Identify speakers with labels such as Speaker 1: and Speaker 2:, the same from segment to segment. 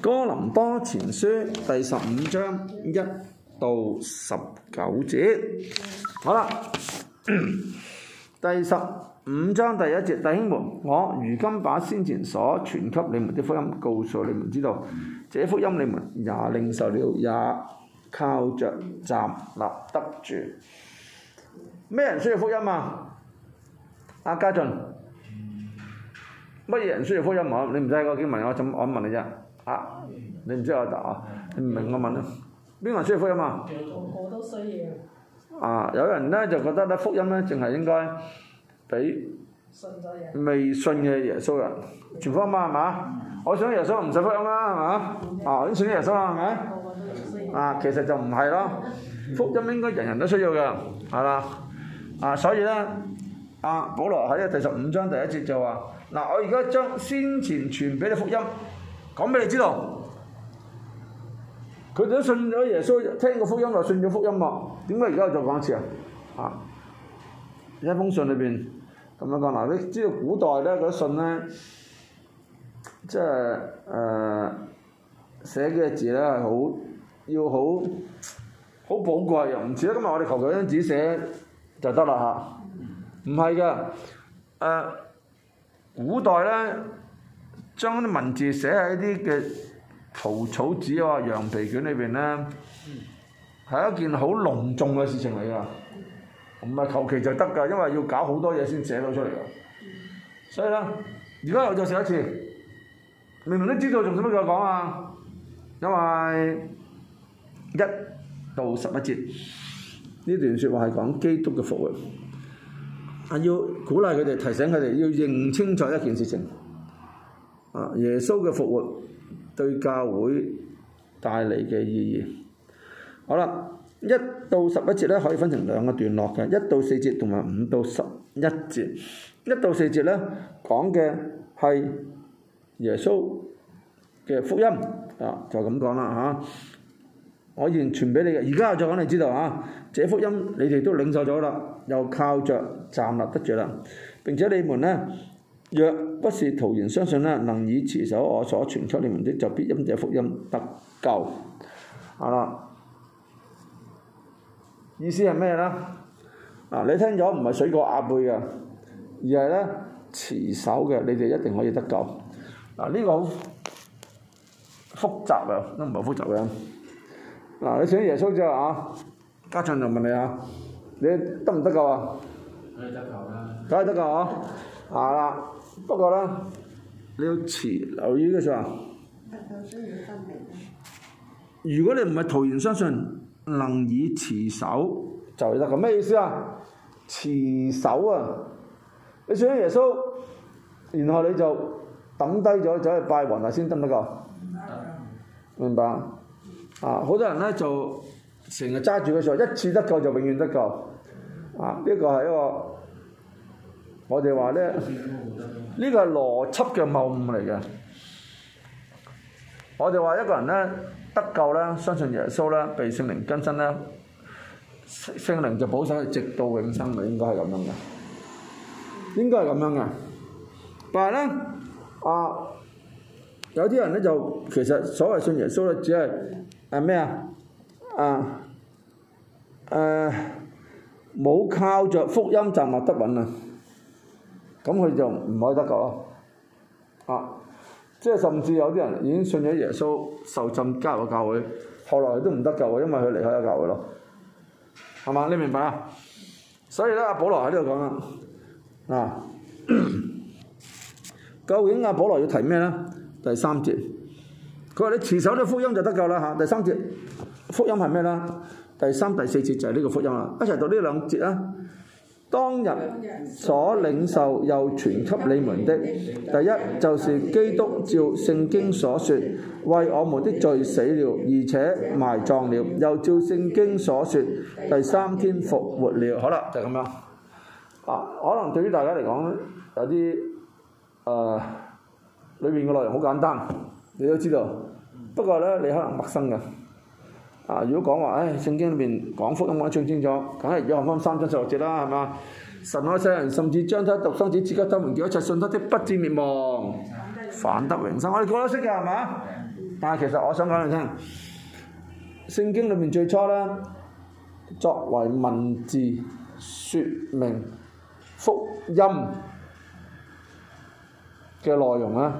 Speaker 1: 《哥林多前書》第十五章一到十九節，好啦， 第十五章第一節，弟兄們，我如今把先前所傳給你們的福音，告訴你們知道，這福音你們也領受了，也靠着站立得住。咩人需要福音啊？阿、啊、家俊，乜嘢人需要福音啊？你唔使個經文，我只問，我怎，我問你啫。啊！你唔知我答啊！你唔明，我問啊？邊個人需要福音啊？個個都需要。啊！有人咧就覺得咧福音咧，淨係應該俾信咗人，未信嘅耶穌人，全方嗎？係嘛？我想耶穌唔使福音啦，啊，係嘛？啊，我已經信咗耶穌啦，係咪？啊，其實就唔係咯，福音應該人人都需要嘅，係啦。啊，所以咧，啊保羅喺呢第十五章第一節就話：嗱，啊，我而家將先前傳俾你福音。講俾你知道，佢哋都信咗耶穌，聽過福音就信咗福音嘛。點解而家又再講一次啊？啊，一封信裏邊咁樣講嗱、啊，你知道古代咧，嗰啲信咧，即係誒寫嘅字咧係好要好好寶貴嘅，唔似咧今日我哋求其一張紙寫就得啦吓，唔係嘅誒，古代咧。將啲文字寫喺啲嘅蒲草紙啊、羊皮卷裏邊咧，係一件好隆重嘅事情嚟噶，唔係求其就得噶，因為要搞好多嘢先寫到出嚟噶。所以咧，而家又再寫一次，明明都知道，仲使乜再講啊？因為一到十一節呢段説話係講基督嘅復活，係要鼓勵佢哋提醒佢哋要認清楚一件事情。耶穌嘅復活對教會帶嚟嘅意義，好啦，一到十一節咧可以分成兩個段落嘅，一到四節同埋五到十一節。一到四節咧講嘅係耶穌嘅福音，啊，就咁講啦吓。我完全傳俾你嘅，而家我再講，你知道啊？這福音你哋都領受咗啦，又靠着站立得住啦，並且你們咧。若不是徒然相信呢，能以持守我所傳給你們的，就必因這福音得救。啊，意思係咩呢？啊，你聽咗唔係水過鴨背嘅，而係呢，持守嘅，你哋一定可以得救。嗱，呢個好複雜啊，都唔係複雜嘅。嗱，你請耶穌之後，家陣就問你嚇，你得唔得救噶，啊？梗係得救啦，梗係得救嗬，係啦。不過咧，你要持留意嘅時候如果你唔係徒然相信，能以持守就得嘅。咩意思啊？持守啊，你信耶穌，然後你就等低咗走去拜雲啊，先得唔得嘅？明白。嗯、啊，好多人咧就成日揸住嘅時候，一次得救就永遠得救。啊，呢、呢個係一個。我哋話咧，呢、這個係邏輯嘅謬誤嚟嘅。我哋話一個人咧得救咧，相信耶穌咧，被聖靈更新咧，聖靈就保守佢直到永生，咪應該係咁樣嘅，應該係咁樣嘅。但係咧，啊，有啲人咧就其實所謂信耶穌咧，只係係咩啊？啊誒，冇靠著福音站立得穩啊！咁佢就唔可以得救咯，啊，即係甚至有啲人已經信咗耶穌受浸加嘅教會，後來都唔得救嘅，因為佢離開咗教會咯，係嘛？你明白啊？所以咧、啊，阿保羅喺呢度講啦，嗱、啊， 究竟阿、啊、保羅要提咩咧？第三節，佢話你持守啲福音就得救啦嚇、啊。第三節，福音係咩咧？第三、第四節就係呢個福音啦。一齊讀呢兩節啦。當日所領受又傳給你們的，第一就是基督照聖經所說，為我們的罪死了，而且埋葬了，又照聖經所說，第三天復活了。好啦，就咁、是、樣。啊，可能對於大家嚟講有啲，誒、呃，裏面嘅內容好簡單，你都知道。不過呢，你可能陌生嘅。啊！如果講話，誒、哎、聖經裏面講福音講得最清楚，梗係《約翰福音》三章十六節啦，係嘛？神愛世人，甚至將他獨生子賜給他們，叫一切信他的不至滅亡，反、嗯、得永生。嗯、我哋個個都識嘅係嘛？嗯、但係其實我想講你聽，聖經裏面最初咧，作為文字説明福音嘅內容啊，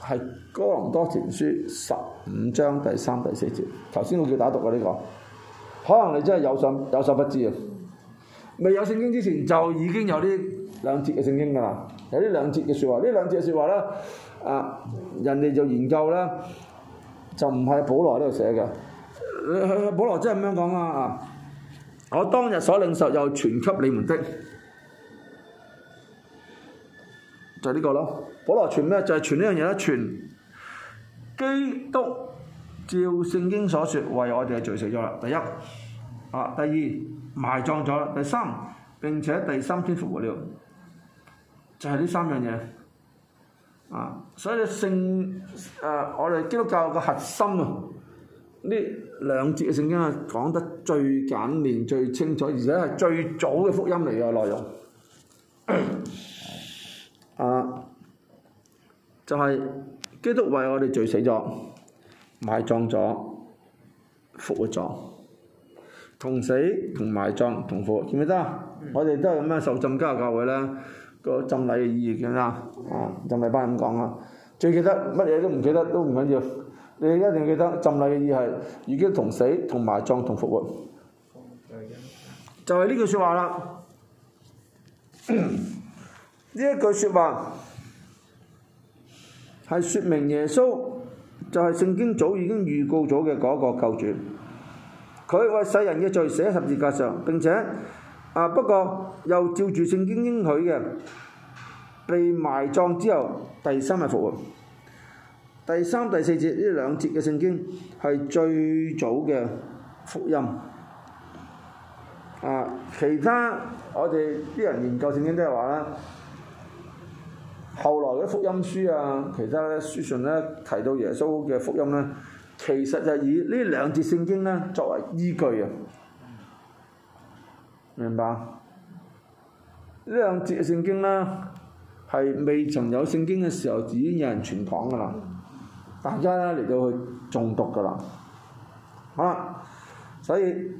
Speaker 1: 係《哥林多前書》十五章第三、第四節，頭先我叫大家讀啊呢個，可能你真係有所有所不知啊，未有聖經之前就已經有呢兩節嘅聖經噶啦，有呢兩節嘅說話，呢兩節嘅說話咧，啊人哋就研究咧，就唔係保羅呢度寫嘅，保、嗯嗯、羅真係咁樣講啊，我當日所領受又傳給你們的。就係呢個咯，保羅傳咩？就係傳呢樣嘢啦。傳基督照聖經所説為我哋嘅罪死咗啦。第一，啊，第二埋葬咗，第三並且第三天復活了，就係、是、呢三樣嘢。啊，所以聖誒、啊、我哋基督教嘅核心啊，呢兩節嘅聖經啊講得最簡練、最清楚，而且係最早嘅福音嚟嘅內容。 啊！就係、是、基督為我哋罪死咗、埋葬咗、復活咗，同死同埋葬同復活，記唔記得？嗯、我哋都係咁樣受浸加教會咧，個浸禮嘅意義點啊？啊，浸禮班咁講啊！最記得乜嘢都唔記得都唔緊要，你一定要記得浸禮嘅意義係已經同死同埋葬同復活，就係、是、呢句説話啦。呢一句説話係説明耶穌就係聖經早已經預告咗嘅嗰個救主，佢為世人嘅罪死喺十字架上，並且啊不過又照住聖經應許嘅，被埋葬之後第三日復活。第三、第四節呢兩節嘅聖經係最早嘅福音。啊，其他我哋啲人研究聖經都係話啦。後來嘅福音書啊，其他呢書信呢，提到耶穌嘅福音呢，其實就以呢兩節聖經呢作為依據啊，明白？呢兩節聖經呢，係未曾有聖經嘅時候，已經有人傳講噶啦，大家呢，嚟到去誦讀噶啦，好啦，所以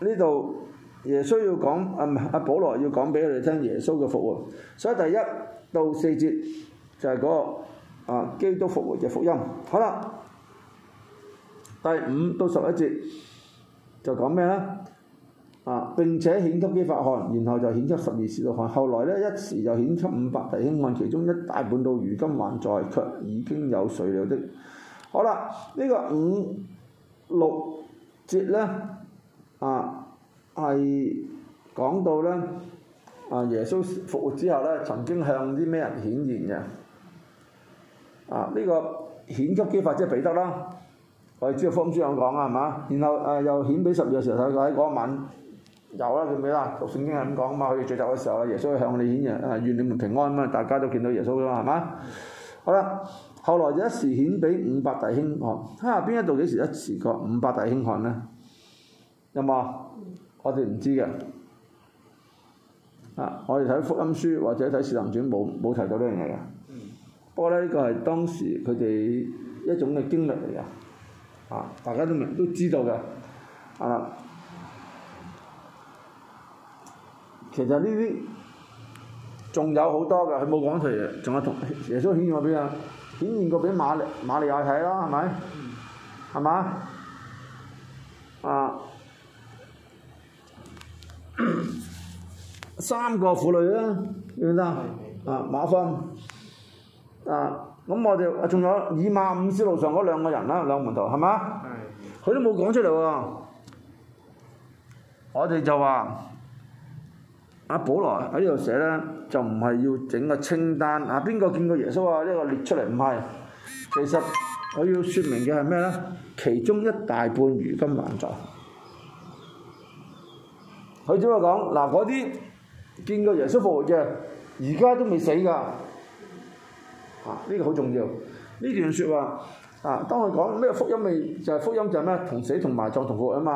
Speaker 1: 呢度耶穌要講啊阿、啊、保羅要講俾我哋聽耶穌嘅復活，所以第一。到四節就係、是、嗰、那個啊基督復活嘅福音，好啦，第五到十一節就講咩咧？啊，並且顯給磯法看，然後就顯出十二使徒看。後來咧，一時就顯出五百弟兄看，其中一大半到如今還在，卻已經有睡了的。好啦，呢、這個五六節咧啊係講到咧。啊！耶穌復活之後咧，曾經向啲咩人顯現嘅？啊，呢、這個顯俾磯法，即係彼得啦。我哋知啊，福音書有講係嘛？然後啊、呃，又顯俾十二使徒嘅時，時候，喺嗰晚有啦，記唔記得？讀聖經係咁講啊嘛，佢聚集嘅時候啊，耶穌向你哋顯現啊，願、呃、你們平安啊嘛，大家都見到耶穌啦嘛，係嘛？好啦，後來一時顯俾五百弟兄看。哈，邊一度幾時一次過五百弟兄看咧？有冇？我哋唔知嘅。啊！我哋睇福音書或者睇《四諭傳》，冇冇提到呢樣嘢嘅。嗯、不過呢、呢個係當時佢哋一種嘅經歷嚟嘅。啊，大家都明都知道嘅。啊，其實呢啲仲有好多嘅，佢冇講出嚟。仲有同耶穌顯現過畀人，顯現過畀馬利馬利亞睇咯，係咪？係嘛、嗯？三個婦女啦，記唔記得啊？馬芬啊，咁我哋仲有以馬忤斯路上嗰兩個人啦，兩門徒係嘛？佢的都冇講出嚟喎，我哋就話阿、啊、保羅喺呢度寫呢，就唔係要整個清單啊，邊個見過耶穌啊？呢、這個列出嚟唔係，其實佢要説明嘅係咩呢？其中一大半如今還在，佢只係講嗱嗰啲。啊見過耶穌復活嘅，而家都未死噶，啊呢個好重要，呢段說話啊，當佢講咩福音？咪就係福音就係咩？同死同埋葬、同復活啊嘛，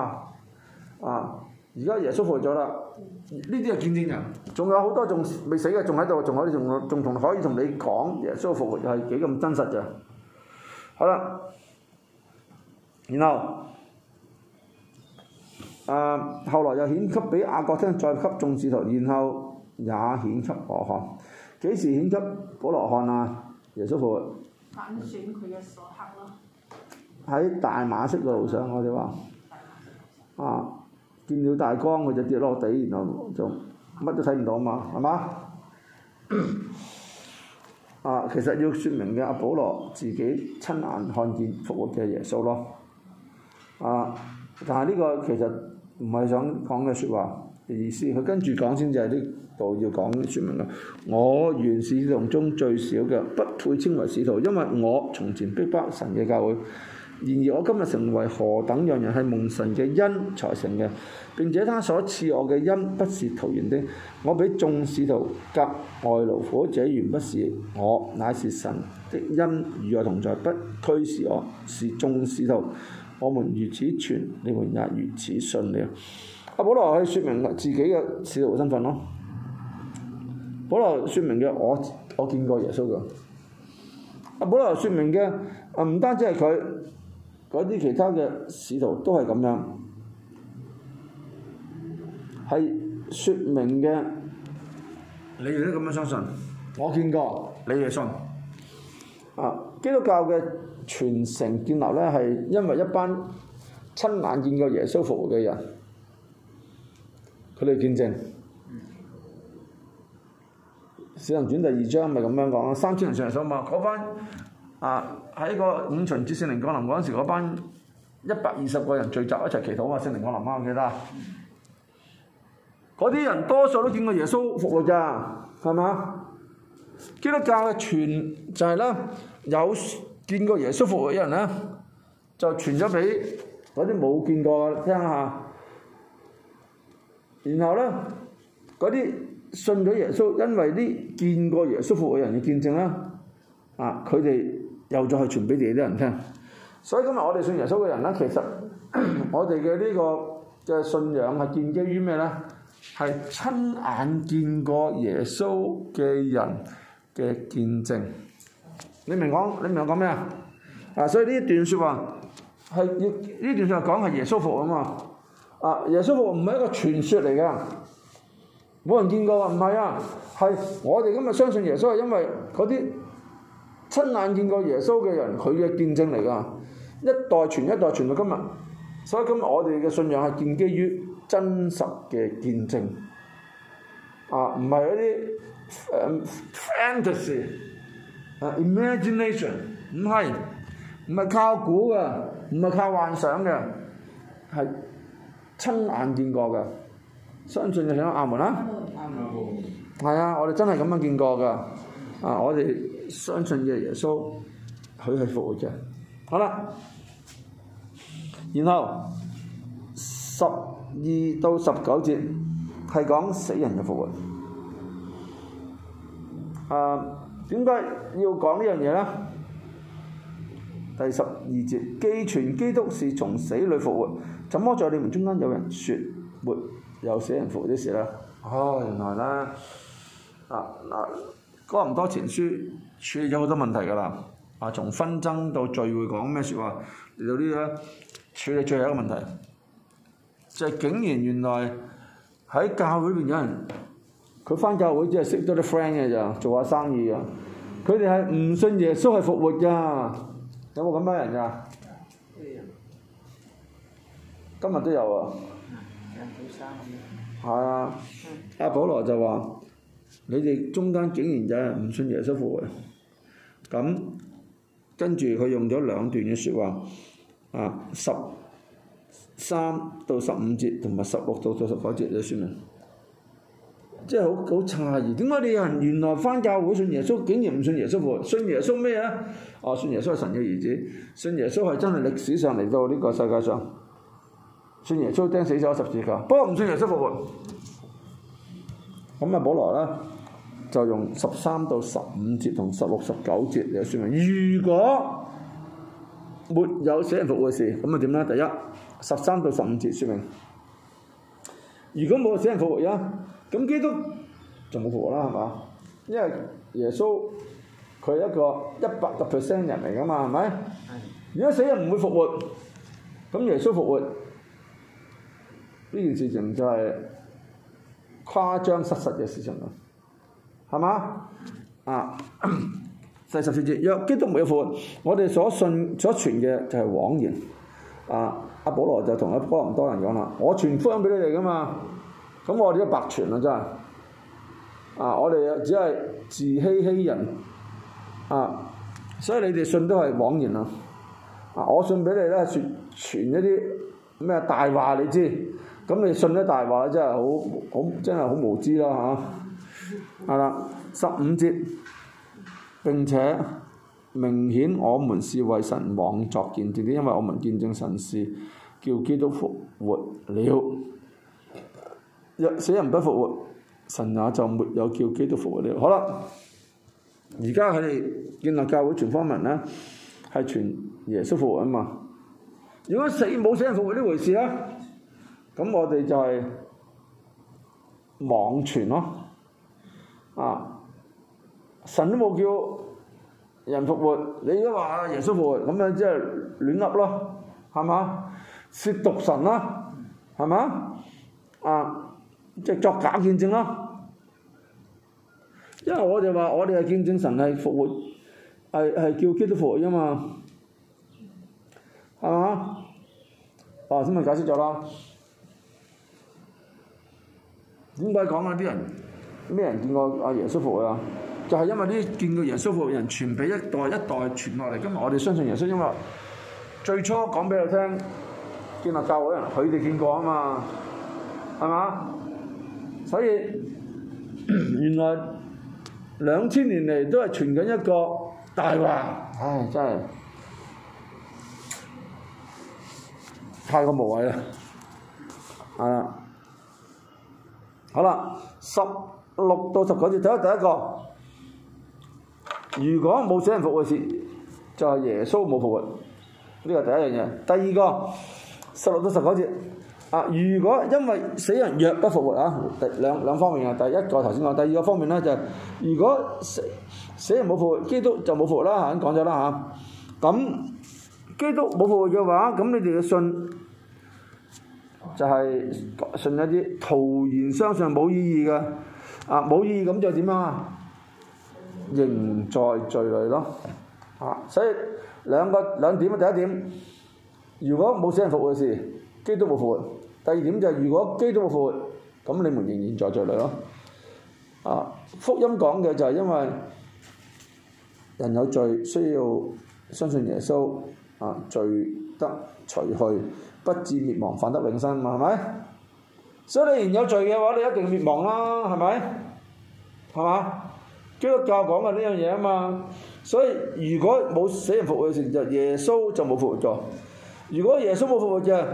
Speaker 1: 啊而家耶穌復活咗啦，呢啲係見證人，仲有好多仲未死嘅仲喺度仲可以仲仲同可以同你講耶穌復活係幾咁真實嘅。好啦然後。啊、呃！後來又顯給畀雅各聽，再給眾使徒，然後也顯給我看。幾時顯給保羅看啊？耶穌傅，揀選佢嘅所克咯。喺大馬色路上，我哋話：啊，見了大光，佢就跌落地，然後就乜都睇唔到嘛，係嘛？ 啊，其實要説明嘅阿保羅自己親眼看見復活嘅耶穌咯。啊，但係呢個其實～唔係想講嘅説話嘅意思，佢跟住講先就係呢度要講説明嘅。我原是使徒中最少嘅，不配稱為使徒，因為我從前逼迫神嘅教會。然而我今日成為何等樣人係蒙神嘅恩，才成嘅。並且他所賜我嘅恩，不是徒然的，我比眾使徒格外勞苦者，原不是我，乃是神的恩。與我同在，不推是我是眾使徒。我們如此傳，你們也如此信了。阿、啊、保羅可以說明自己嘅使徒身份咯、啊。保羅說明嘅，我我見過耶穌嘅。阿、啊、保羅說明嘅，唔、啊、單止係佢，嗰啲其他嘅使徒都係咁樣，係說明嘅。你哋都咁樣相信？我見過，你哋信、啊。基督教嘅。全城建立呢，係因為一班親眼見過耶穌復活嘅人，佢哋見證。《小人傳》第二章咪咁樣講咯，三千人上來上望嗰班啊，喺個五旬節聖靈降臨嗰陣時嗰班一百二十個人聚集一齊祈禱啊，聖靈降臨啊，記唔記得。嗰啲人多數都見過耶穌復活咋，係咪？基督教嘅傳就係咧有。見過耶穌復活嘅人咧，就傳咗俾嗰啲冇見過嘅聽下。然後咧，嗰啲信咗耶穌，因為啲見過耶穌復活嘅人嘅見證啦，啊，佢哋又再去傳俾自己啲人聽。所以今日我哋信耶穌嘅人咧，其實我哋嘅呢個嘅信仰係建基於咩咧？係親眼見過耶穌嘅人嘅見證。你明講，你明我講咩啊？啊，所以呢一段說話係要呢段說話講係耶穌復活啊嘛。啊，耶穌復活唔係一個傳說嚟噶，冇人見過啊？唔係啊，係我哋今日相信耶穌係因為嗰啲親眼見過耶穌嘅人，佢嘅見證嚟噶，一代傳一代傳到今日。所以今日我哋嘅信仰係建基於真實嘅見證，啊，唔係嗰啲 fantasy。Imagination 唔係唔係靠估嘅，唔係靠幻想嘅，係親眼見過嘅。相信就響阿門啦，係啊，我哋真係咁樣見過噶。啊，我哋相信嘅耶穌，佢係復活嘅。好啦，然後十二到十九節係講死人嘅復活。誒、啊。點解要講呢樣嘢呢？第十二節，既傳基督是從死裏復活，怎麼在你們中間有人說沒有死人復活的事呢？哦，原來呢，嗱、啊、嗱，講咁、啊啊、多前書處理咗好多問題噶啦，啊，從紛爭到聚會講咩説話，嚟到呢度呢，處理最，最後一個問題，就係竟然原來喺教會嗰邊有人。佢返教會只係識多啲 friend 嘅咋，做下生意啊！佢哋係唔信耶穌係復活噶，有冇咁樣人啊？嗯嗯、今日都有啊！係、嗯嗯、啊，阿、啊、保羅就話：你哋中間竟然真係唔信耶穌復活。咁跟住佢用咗兩段嘅説話，啊十三到十五節同埋十六到十九節就算啦。即係好好詫異，點解你人原來翻教會信耶穌，竟然唔信耶穌復活，信耶穌咩啊？啊，信耶穌係神嘅兒子，信耶穌係真係歷史上嚟到呢個世界上，信耶穌釘死咗十字架，不過唔信耶穌復活。咁啊，保羅呢，就用十三到十五節同十六十九節嚟説明，如果沒有死人復活嘅事，咁啊點咧？第一，十三到十五節説明，如果冇死人復活啊？咁基督就冇復活啦，係嘛？因為耶穌佢係一個一百個 percent 人嚟噶嘛，係咪？的如果死人唔會復活，咁耶穌復活呢件事情就係誇張失實嘅事情咯，係嘛？啊，第 十四節若基督沒有復活，我哋所信所傳嘅就係謊言。啊，阿保羅就同阿波羅咁多人講啦，我傳福音畀你哋噶嘛。咁我哋都白傳啦，真係啊！我哋只係自欺欺人啊！所以你哋信都係枉然啦！啊，我信畀你咧，説傳一啲咩大話，你知？咁你信咗大話，真係好好，真係好無知啦，嚇、啊！係啦，十五節。並且明顯，我們是為神妄作見證的，因為我們見證神是叫基督復活了。死人不復活，神也就沒有叫基督復活了。好啦，而家佢建立教會全方面咧，係傳耶穌復活啊嘛。如果死冇死人復活呢回事咧，咁我哋就係妄傳咯、啊。神都冇叫人復活，你都話耶穌復活，咁啊即係亂噏咯，係嘛？褻瀆神啦，係嘛？即係作假見證咯，因為我哋話我哋係見證神係復活，係係叫基督復活啊嘛，係嘛？啊，先咪解釋咗啦。點解講啊？啲人咩人見過阿耶穌復活啊？就係、是、因為啲見過耶穌復活嘅人傳俾一代一代傳落嚟，今日我哋相信耶穌，因為最初講俾佢聽見到教會人佢哋見過啊嘛，係嘛？所以 原來兩千年嚟都係傳緊一個大話， 唉，真係太過無謂啦，係啦，好啦，十六到十九節，第一個，如果冇死人復活事，就係、是、耶穌冇復活，呢個第一樣嘢。第二個，十六到十九節。啊！如果因為死人若不復活啊，第兩兩方面啊，第一個頭先講，第二個方面咧就係、是、如果死死人冇復活，基督就冇復活啦嚇，講咗啦嚇。咁、啊、基督冇復活嘅話，咁你哋嘅信就係信一啲徒然相信冇意義嘅啊，冇意義咁就點樣啊？仍在罪裡咯啊！所以兩個兩點啊，第一點，如果冇死人復活嘅事，基督冇復活。第二點就係、是，如果基督冇復活，咁你們仍然在罪裏咯。啊，福音講嘅就係因為人有罪，需要相信耶穌，啊罪得除去，不至滅亡，反得永生。嘛，係咪？所以你仍然有罪嘅話，你一定滅亡啦，係咪？係嘛？基督教講嘅呢樣嘢啊嘛。所以如果冇死人復活嘅時候，耶穌就冇復活咗。如果耶穌冇復活嘅，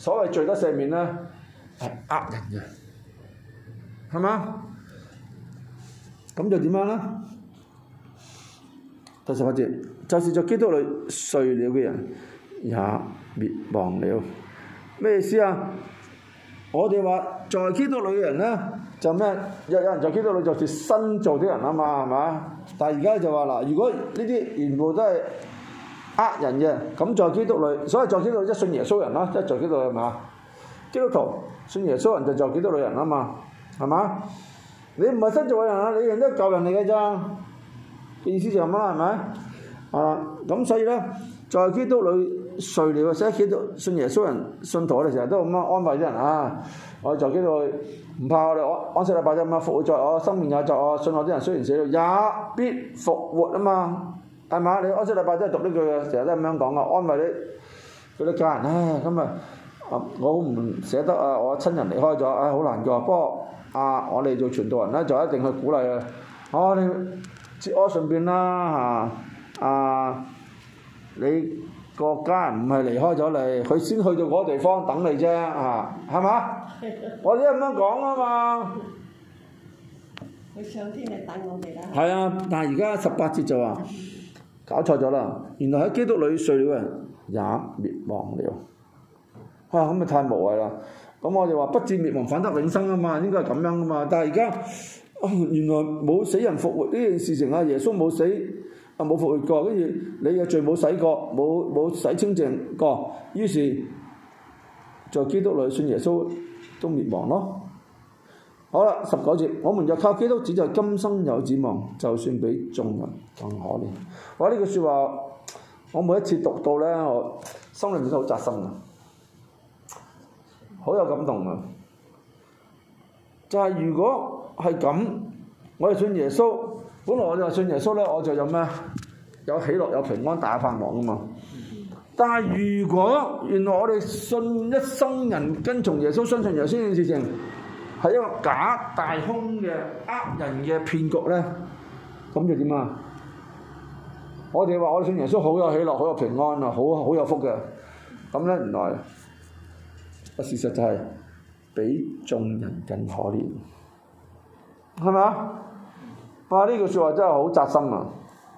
Speaker 1: 所謂罪得赦免呢，係呃人嘅，係嘛？咁就點樣啦？第十八節，就是在基督裏睡了嘅人也滅亡了。咩意思啊？我哋話在基督裏嘅人呢，就咩、是？有人在基督裏就是新造啲人啊嘛，係嘛？但係而家就話嗱，如果呢啲全部都係。呃人嘅咁，在基督裏，所以在基督裏一信耶穌人啦，一在基督裏嘛，基督徒信耶穌人就做基督女人啦嘛，係嘛？你唔係新造嘅人啊，你人都係舊人嚟嘅咋？意思就咁啦，係咪？啊，咁所以咧，在基督裏睡了，所以基督，基督信耶穌人信徒我哋成日都咁樣安慰啲人啊，我喺基督裏唔怕我，我哋安安息禮拜咁啊，復活在我，生命也在我，信我啲人雖然死咗，也必復活啊嘛。係嘛？你安息禮拜真係讀呢句嘅，成日都咁樣講啊。安慰你，佢啲家人。唉，今日我我唔捨得啊！我親人離開咗，唉，好難過。不過啊，我哋做傳道人咧，就一定去鼓勵啊。我你節哀順變啦，嚇！啊，你個、啊啊、家人唔係離開咗你，佢先去到嗰地方等你啫，嚇、啊，係 嘛？我哋咁樣講啊嘛。佢上天嚟等我哋啦。係啊，但係而家十八節就啊。 搞錯咗啦！原來喺基督裏，睡嘅人也滅亡了。哇、啊，咁咪太無謂啦！咁我哋話，不至滅亡，反得永生啊嘛，應該係咁樣啊嘛。但係而家，原來冇死人復活呢件事情啊，耶穌冇死，啊冇復活過，跟住你嘅罪冇洗過，冇冇洗清淨過，於是，在基督裏算耶穌都滅亡咯。好啦，十九節，我們就靠基督，只在今生有指望，就算比眾人更可憐。我呢句説話，我每一次讀到呢，我心裏面都好扎心啊，好有感動啊！就係、是、如果係咁，我就信耶穌。本來我就信耶穌呢我就有咩有喜樂、有平安、大盼望啊嘛。但係如果原來我哋信一生人跟從耶穌、相信，信耶穌呢件事情，係一個假大空嘅呃人嘅騙局咧，咁就點啊？我哋話我哋信耶穌好有喜樂，好有平安，好好有福嘅。咁咧，原來啊事實就係比眾人更可憐，係咪啊？哇！呢句説話真係好扎心啊！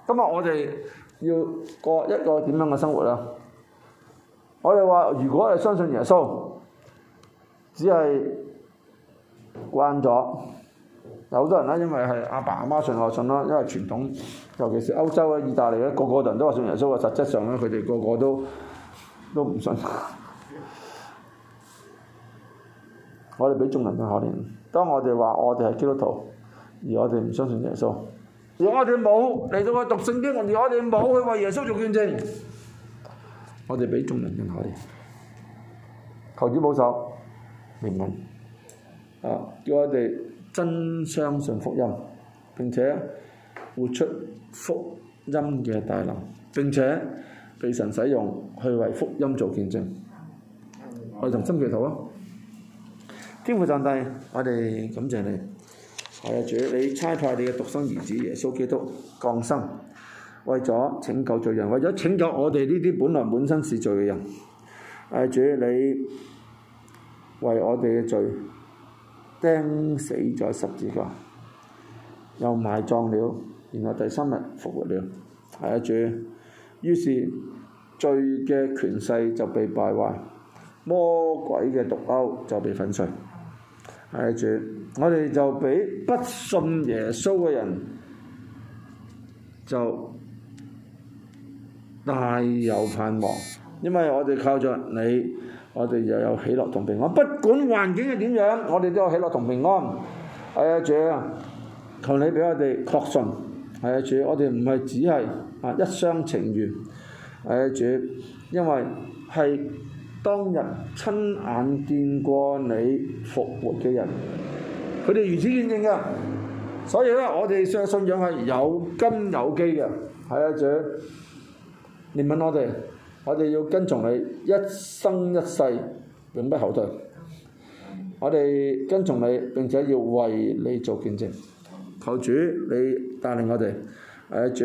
Speaker 1: 今日我哋要過一個點樣嘅生活啊？我哋話如果係相信耶穌，只係。關咗，有好多人咧，因為係阿爸阿媽信我信啦，因為傳統，尤其是歐洲咧、意大利咧，個個人都話信耶穌，實質上咧，佢哋個個都都唔信。 我哋比眾人更可憐。當我哋話我哋係基督徒，而我哋唔相信耶穌，如果我哋冇嚟到度讀聖經，而我哋冇去為耶穌做見證， 我哋比眾人更可憐。求主保守，憐憫。啊、叫我哋真相信福音，並且活出福音嘅大能，並且被神使用去為福音做見證。
Speaker 2: 我哋同
Speaker 1: 心祈禱咯。天父上帝，我哋感謝你。係啊，主你差派你嘅獨生兒子耶穌基督降生，為咗拯救罪人，為咗拯救我哋呢啲本來本身是罪嘅人。誒，主你為我哋嘅罪。釘死咗十字架，又埋葬了，然後第三日復活了，係啊，主。於是罪嘅權勢就被敗壞，魔鬼嘅毒鉤就被粉碎，係啊，主。我哋就俾不信耶穌嘅人就大有盼望，因為我哋靠著你。我哋又有喜樂同平安，不管環境係點樣，我哋都有喜樂同平安。係啊，主啊，求你俾我哋確信。係啊，主，我哋唔係只係啊一廂情願。係啊，主，因為係當日親眼見過你復活嘅人，佢哋如此見證㗎。所以咧，我哋相信信仰係有根有基嘅。係啊，主，憐憫我哋。我哋要跟從你一生一世，永不後退。我哋跟從你，並且要為你做見證。求主，你帶領我哋喺、啊、主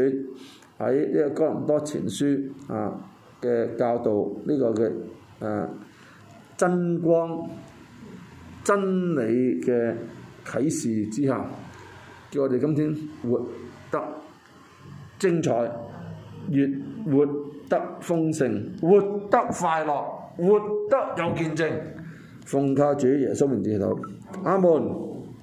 Speaker 1: 喺呢個哥林多前書啊嘅教導呢、這個嘅誒、啊、真光真理嘅啟示之下，叫我哋今天活得精彩，越活。得豐盛，活得快樂，活得有見證。奉靠主耶穌名字禱。阿門。